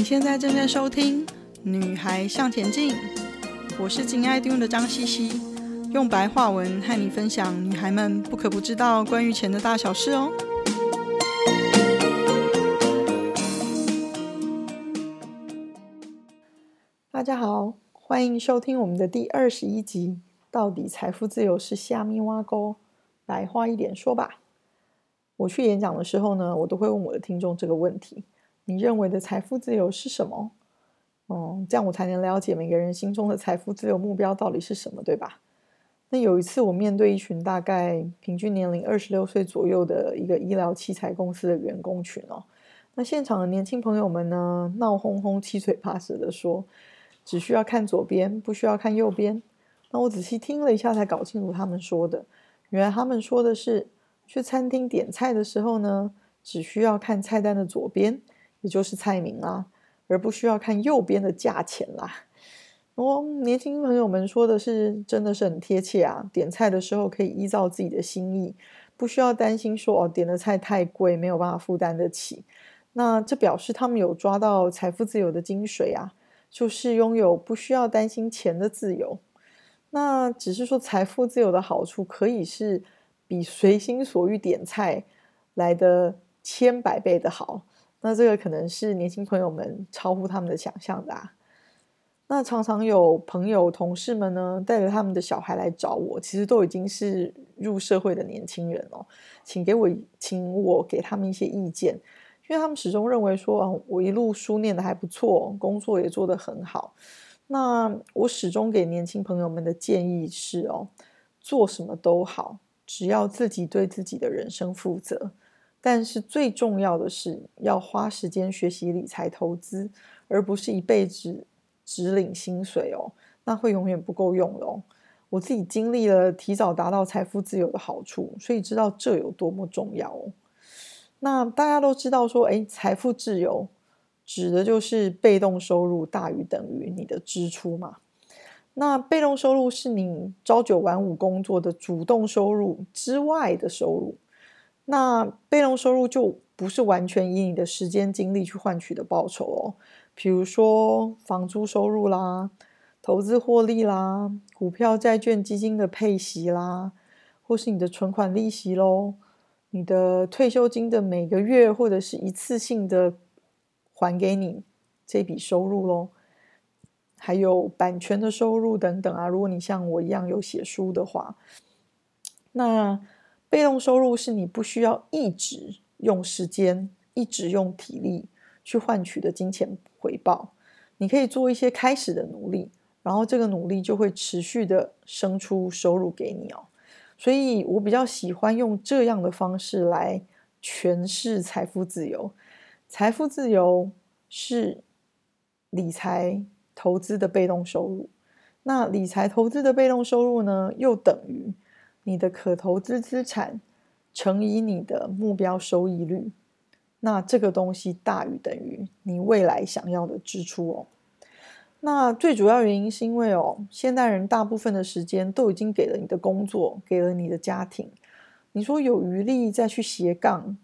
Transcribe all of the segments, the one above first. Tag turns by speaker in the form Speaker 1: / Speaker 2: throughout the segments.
Speaker 1: 你現在正在收聽《女孩向前進》，我是金愛聽的張茜茜，用白話文和你分享女孩們不可不知道關於錢的大小事哦。大家好，歡迎收聽我們的第二十一集。到底財富自由是啥麼碗糕？白話一點說吧。我去演講的時候呢，我都會問我的聽眾這個問題。你認為的財富自由是什麼？哦、嗯，這樣我才能了解每個人心中的財富自由目標到底是什麼，對吧？那有一次，我面對一群大概平均年齡二十六歲左右的一個醫療器材公司的員工群哦，那現場的年輕朋友們呢，鬧哄哄、七嘴八舌的說：“只需要看左邊，不需要看右邊。”那我仔細聽了一下，才搞清楚他們說的，原來他們說的是去餐廳點菜的時候呢，只需要看菜單的左邊。也就是菜名啦、啊，而不需要看右邊的價錢啦、啊。哦、oh，年輕朋友們說的是，真的是很貼切啊！點菜的時候可以依照自己的心意，不需要擔心說哦，點的菜太貴，沒有辦法負擔得起。那這表示他們有抓到財富自由的精髓啊，就是擁有不需要擔心錢的自由。那只是說財富自由的好處，可以是比隨心所欲點菜來的千百倍的好。那這個可能是年輕朋友們超乎他們的想象的啊。那常常有朋友同事們呢帶着他們的小孩來找我，其實都已經是入社會的年輕人哦。請給我，請我給他們一些意見，因為他們始終認為說，嗯，我一路書唸得還不錯，工作也做得很好。那我始終給年輕朋友們的建議是哦，做什麼都好，只要自己對自己的人生負責。但是最重要的是要花時間學習理財投資，而不是一輩子只領薪水哦，那會永遠不夠用哦。我自己經歷了提早達到財富自由的好處，所以知道這有多麼重要哦。那大家都知道說，哎、欸，財富自由指的就是被動收入大於等於你的支出嘛？那被動收入是你朝九晚五工作的主動收入之外的收入。那被動收入就不是完全以你的時間精力去換取的報酬哦，比如說房租收入啦、投資獲利啦、股票、債券、基金的配息啦，或是你的存款利息咯，你的退休金的每個月或者是一次性的還給你這筆收入咯，還有版權的收入等等啊。如果你像我一樣有寫書的話，那。被動收入是你不需要一直用時間、一直用體力去換取的金錢回報。你可以做一些開始的努力，然後這個努力就會持續的生出收入給你哦。所以我比較喜歡用這樣的方式來詮釋財富自由。財富自由是理財投資的被動收入。那理財投資的被動收入呢，又等於？你的可投資資產乘以你的目標收益率，那這個東西大於等於你未來想要的支出哦。那最主要原因是因為哦，現代人大部分的時間都已經給了你的工作，給了你的家庭。你說有餘力再去斜槓，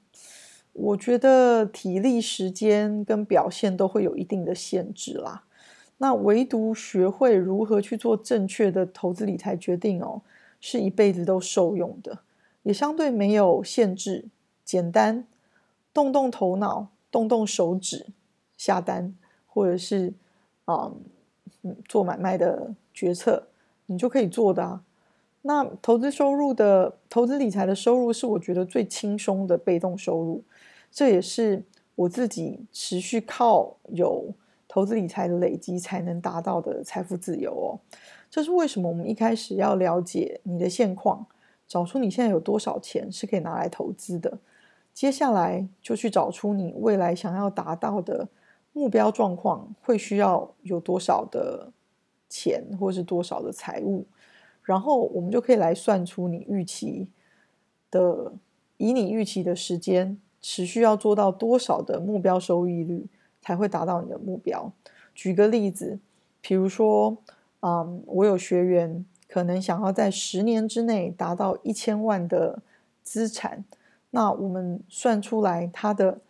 Speaker 1: 我覺得體力、時間跟表現都會有一定的限制啦。那唯獨學會如何去做正確的投資理財決定哦。是一輩子都受用的，也相對沒有限制，簡單，動動頭腦，動動手指，下單，或者是啊、嗯，做買賣的決策，你就可以做的啊。那投資收入的，投資理財的收入是我覺得最輕鬆的被動收入，這也是我自己持續靠有投資理財的累積才能達到的財富自由哦。這是為什麼？我們一開始要了解你的現況，找出你現在有多少錢是可以拿來投資的。接下來就去找出你未來想要達到的目標狀況會需要有多少的錢，或是多少的財務，然後我們就可以來算出你預期的，以你預期的時間持續要做到多少的目標收益率才會達到你的目標。舉個例子，比如說。Um, 我有學員可能想要在十年之內達到一千萬的資產，那我們算出來他的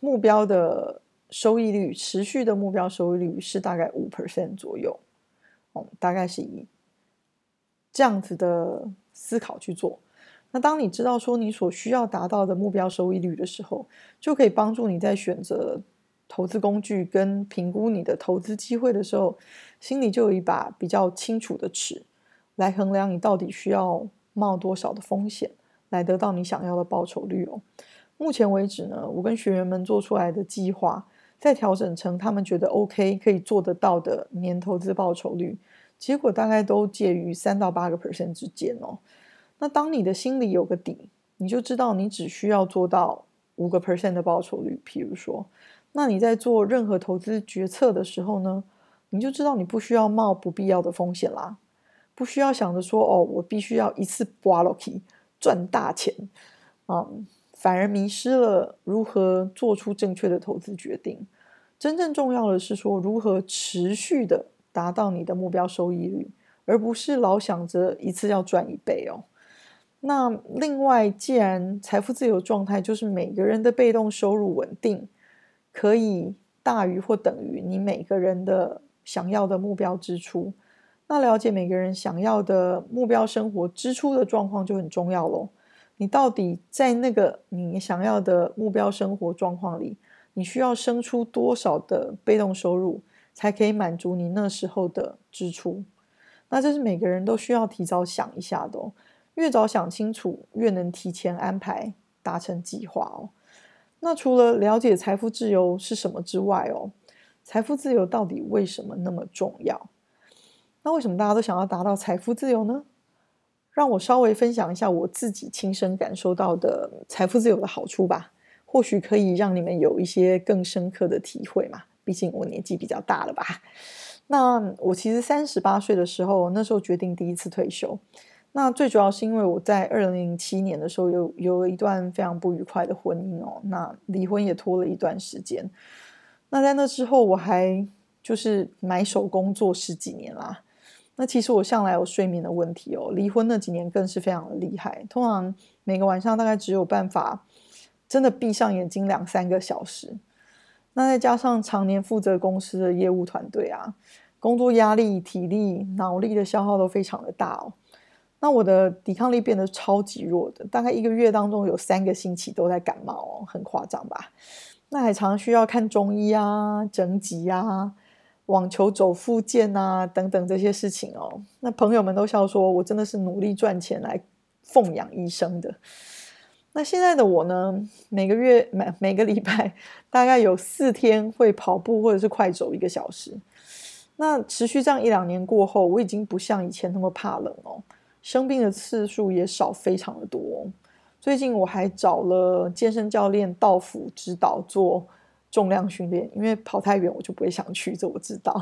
Speaker 1: 目標的收益率，持續的目標收益率是大概五 percent 左右，哦，um，大概是以這樣子的思考去做。那當你知道說你所需要達到的目標收益率的時候，就可以幫助你在選擇。投資工具跟評估你的投資機會的時候，心裡就有一把比較清楚的尺來衡量你到底需要冒多少的風險來得到你想要的報酬率哦。目前為止呢，我跟學員們做出來的計劃，再調整成他們覺得 OK 可以做得到的年投資報酬率，結果大概都介於三到八個 percent 之間哦。那當你的心裡有個底，你就知道你只需要做到五個 percent 的報酬率，比如說。那你在做任何投資決策的時候呢，你就知道你不需要冒不必要的風險啦，不需要想着說哦，我必須要一次賺大錢，嗯，反而迷失了如何做出正確的投資決定。真正重要的是說，如何持續的達到你的目標收益率，而不是老想着一次要賺一倍哦。那另外，既然財富自由狀態就是每個人的被動收入穩定。可以大於或等於你每個人的想要的目標支出，那了解每個人想要的目標生活支出的狀況就很重要咯，你到底在那個你想要的目標生活狀況裡，你需要生出多少的被動收入，才可以滿足你那時候的支出？那這是每個人都需要提早想一下的哦，越早想清楚，越能提前安排達成計劃哦。那除了了解財富自由是什麼之外哦，財富自由到底為什麼那麼重要？那為什麼大家都想要達到財富自由呢？讓我稍微分享一下我自己親身感受到的財富自由的好處吧，或許可以讓你們有一些更深刻的體會嘛。畢竟我年紀比較大了吧。那我其實三十八歲的時候，那時候決定第一次退休。那最主要是因為我在二零零七年的時候有有了一段非常不愉快的婚姻哦，那離婚也拖了一段時間。那在那之後，我還就是埋首工作十幾年啦。那其實我向來有睡眠的問題哦，離婚那幾年更是非常的厲害。通常每個晚上大概只有辦法真的閉上眼睛兩三個小時。那再加上常年負責公司的業務團隊啊，工作壓力、體力、腦力的消耗都非常的大哦。那我的抵抗力變得超級弱的，大概一個月當中有三個星期都在感冒哦、喔，很誇張吧？那還常需要看中醫啊、整脊啊、網球肘復健啊等等這些事情哦、喔。那朋友們都笑說，我真的是努力賺錢來奉養醫生的。那現在的我呢，每個月每每個禮拜大概有四天會跑步或者是快走一個小時。那持續這樣一兩年過後，我已經不像以前那麼怕冷哦、喔。生病的次數也少，非常的多。最近我還找了健身教練到府指導做重量訓練，因為跑太遠我就不會想去，這我知道。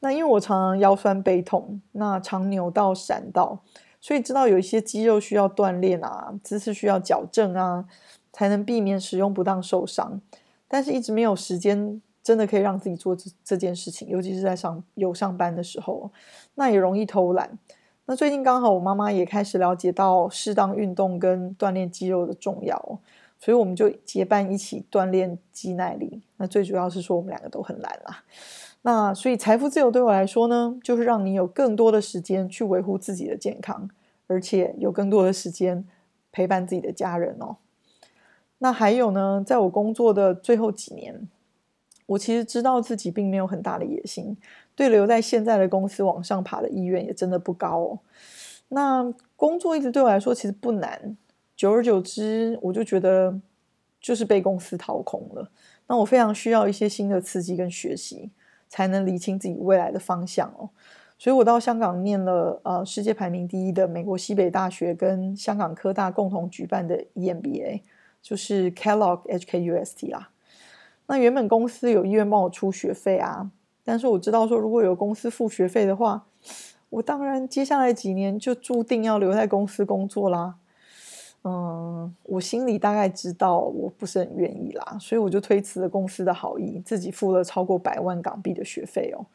Speaker 1: 那因為我常常腰酸背痛，那常扭到閃到，所以知道有一些肌肉需要鍛鍊啊，姿勢需要矯正啊，才能避免使用不當受傷。但是一直沒有時間，真的可以讓自己做這件事情，尤其是在上有上班的時候，那也容易偷懶。那最近剛好我媽媽也開始了解到適當運動跟鍛鍊肌肉的重要，所以我們就結伴一起鍛鍊肌耐力。那最主要是說我們兩個都很懶啦、啊。那所以財富自由對我來說呢，就是讓你有更多的時間去維護自己的健康，而且有更多的時間陪伴自己的家人哦。那還有呢，在我工作的最後幾年。我其實知道自己並沒有很大的野心，對留在現在的公司往上爬的意願也真的不高哦。那工作一直對我來說其實不難，久而久之我就覺得就是被公司掏空了。那我非常需要一些新的刺激跟學習，才能理清自己未來的方向哦。所以我到香港念了呃世界排名第一的美國西北大學跟香港科大共同舉辦的 EMBA，就是 Kellogg HKUST 啦。那原本公司有意願幫我出學費啊，但是我知道說，如果有公司付學費的話，我當然接下來幾年就注定要留在公司工作啦。嗯，我心裡大概知道我不是很願意啦，所以我就推辭了公司的好意，自己付了超過百萬港幣的學費哦。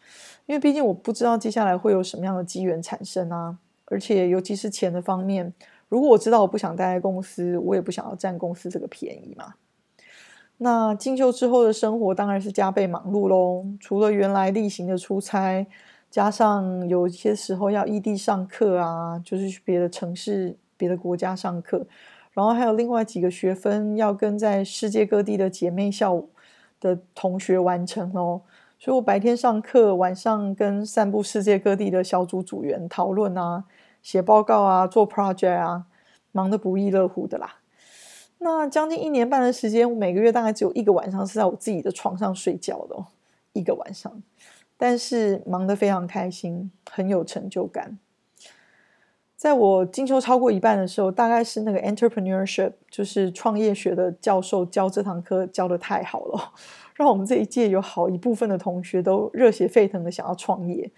Speaker 1: 因為畢竟我不知道接下來會有什麼樣的機緣產生啊，而且尤其是錢的方面，如果我知道我不想待在公司，我也不想要佔公司這個便宜嘛。那進修之後的生活當然是加倍忙碌咯除了原來例行的出差，加上有些時候要異地上課啊，就是去別的城市、別的國家上課，然後還有另外幾個學分要跟在世界各地的姐妹校的同學完成咯所以我白天上課，晚上跟散布世界各地的小組組員討論啊，寫報告啊，做 project 啊，忙得不亦樂乎的啦。那將近一年半的時間，我每個月大概只有一個晚上是在我自己的床上睡覺的哦，一個晚上。但是忙得非常開心，很有成就感。在我進修超過一半的時候，大概是那個 entrepreneurship，就是創業學的教授教這堂課教得太好了，讓我們這一屆有好一部分的同學都熱血沸騰的想要創業。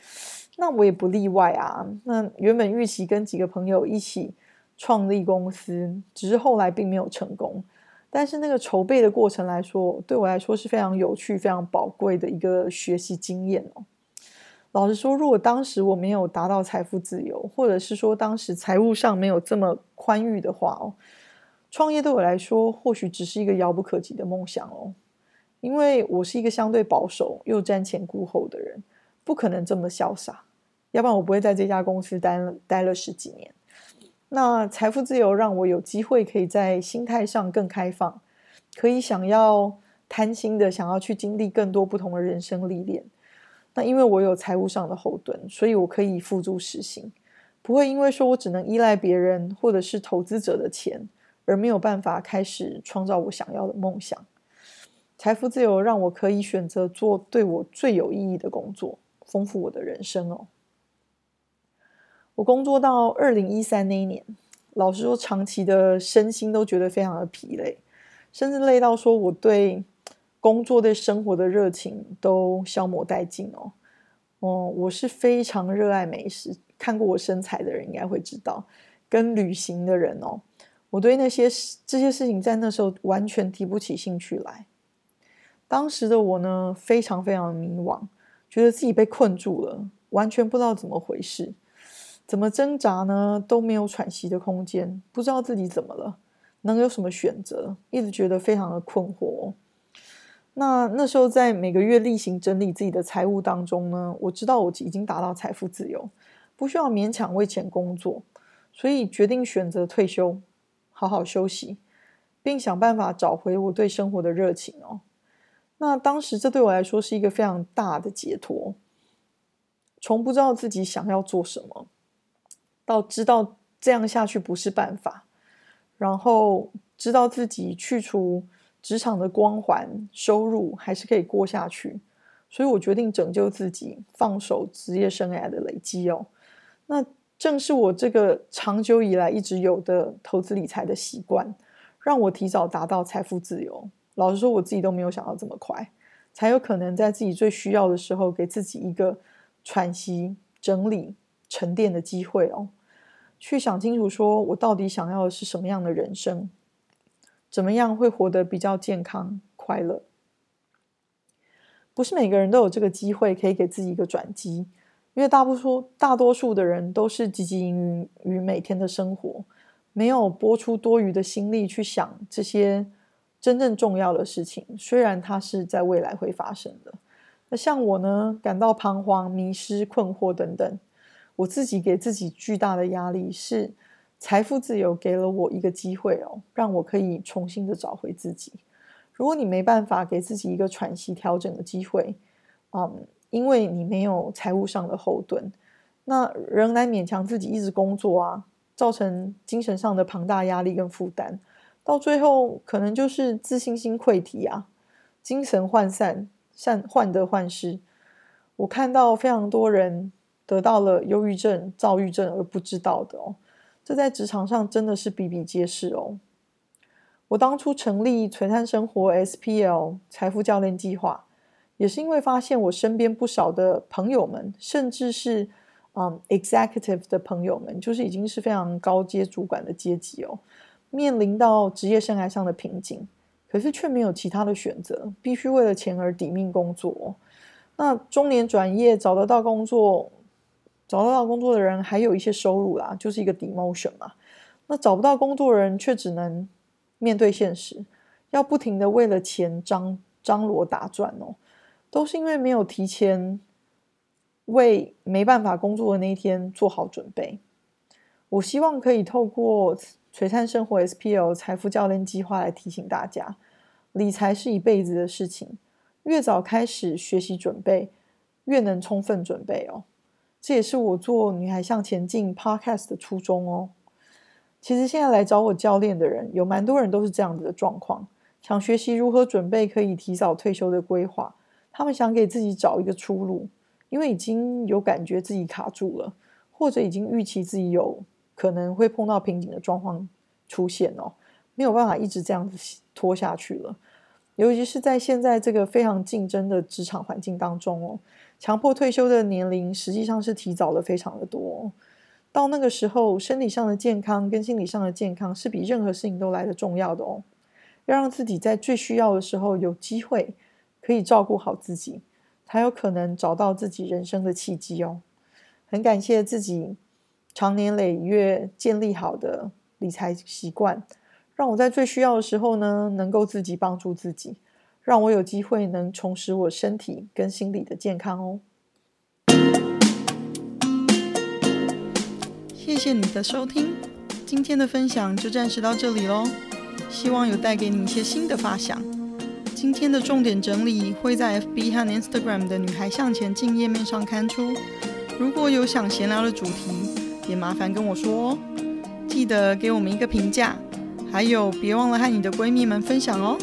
Speaker 1: 那我也不例外啊。那原本預期跟幾個朋友一起。創立公司，只是後來並沒有成功，但是那個籌備的過程來說，對我來說是非常有趣，非常寶貴的一個學習經驗哦。老實說，如果當時我沒有達到財富自由，或者是說當時財務上沒有這麼寬裕的話哦，創業對我來說或許只是一個遙不可及的夢想哦，因為我是一個相對保守又瞻前顧後的人，不可能這麼瀟灑，要不然我不會在這家公司待了待了十幾年。那財富自由讓我有機會可以在心態上更開放，可以想要貪心的想要去經歷更多不同的人生歷練。那因為我有財務上的後盾，所以我可以付諸實行，不會因為說我只能依賴別人或者是投資者的錢，而沒有辦法開始創造我想要的夢想。財富自由讓我可以選擇做對我最有意義的工作，豐富我的人生哦。我工作到二零一三那一年，老實說，長期的身心都覺得非常的疲累，甚至累到說我對工作、對生活的熱情都消磨殆盡哦。哦，我是非常熱愛美食，看過我身材的人應該會知道，跟旅行的人哦，我對那些事、這些事情在那時候完全提不起興趣來。當時的我呢，非常非常迷惘，覺得自己被困住了，完全不知道怎麼回事。怎麼掙扎呢？都沒有喘息的空間，不知道自己怎麼了，能有什麼選擇？一直覺得非常的困惑哦。那那時候在每個月例行整理自己的財務當中呢，我知道我已經達到財富自由，不需要勉強為錢工作，所以決定選擇退休，好好休息，並想辦法找回我對生活的熱情哦。那當時這對我來說是一個非常大的解脫，從不知道自己想要做什麼。到知道這樣下去不是辦法，然後知道自己去除職場的光環，收入還是可以過下去，所以我決定拯救自己，放手職業生涯的累積哦。那正是我這個長久以來一直有的投資理財的習慣，讓我提早達到財富自由。老實說，我自己都沒有想到這麼快，才有可能在自己最需要的時候，給自己一個喘息、整理、沉澱的機會哦。去想清楚，說我到底想要的是什麼樣的人生？怎麼樣會活得比較健康、快樂？不是每個人都有這個機會可以給自己一個轉機，因為大多數大多數的人都是汲汲營營於每天的生活，沒有撥出多餘的心力去想這些真正重要的事情。雖然它是在未來會發生的，那像我呢，感到彷徨、迷失、困惑等等。我自己給自己巨大的壓力，是財富自由給了我一個機會哦，讓我可以重新的找回自己。如果你沒辦法給自己一個喘息、調整的機會，嗯，因為你沒有財務上的後盾，那仍然勉強自己一直工作啊，造成精神上的龐大壓力跟負擔，到最後可能就是自信心潰堤啊，精神渙散，散患得患失。我看到非常多人。得到了憂鬱症、躁鬱症而不知道的哦，這在職場上真的是比比皆是哦。我當初成立“璀璨生活 ”SPL 財富教練計劃，也是因為發現我身邊不少的朋友們，甚至是，um, executive 的朋友們，就是已經是非常高階主管的階級哦，面臨到職業生涯上的瓶頸，可是卻沒有其他的選擇，必須為了錢而抵命工作。那中年轉業找得到工作？找得到工作的人還有一些收入啦，就是一個 demotion 嘛。那找不到工作的人卻只能面對現實，要不停的為了錢張張羅打轉哦。都是因為沒有提前為沒辦法工作的那一天做好準備。我希望可以透過璀璨生活 SPL 財富教練計劃來提醒大家，理財是一輩子的事情，越早開始學習準備，越能充分準備哦。這也是我做《女孩向前進》podcast 的初衷哦。其實現在來找我教練的人，有蠻多人都是這樣子的狀況，想學習如何準備可以提早退休的規劃。他們想給自己找一個出路，因為已經有感覺自己卡住了，或者已經預期自己有可能會碰到瓶頸的狀況出現哦，沒有辦法一直這樣子拖下去了。尤其是在現在這個非常競爭的職場環境當中哦。強迫退休的年齡實際上是提早了非常的多哦，到那個時候，身體上的健康跟心理上的健康是比任何事情都來得重要的哦。要讓自己在最需要的時候有機會可以照顧好自己，才有可能找到自己人生的契機哦。很感謝自己長年累月建立好的理財習慣，讓我在最需要的時候呢，能夠自己幫助自己。讓我有機會能重拾我身體跟心理的健康哦。謝謝你的收聽，今天的分享就暫時到這裡嘍。希望有帶給你一些新的發想。今天的重點整理會在 FB 和 Instagram 的女孩向前進頁面上刊出。如果有想閒聊的主題，也麻煩跟我說哦。記得給我們一個評價，還有別忘了和你的閨蜜們分享哦。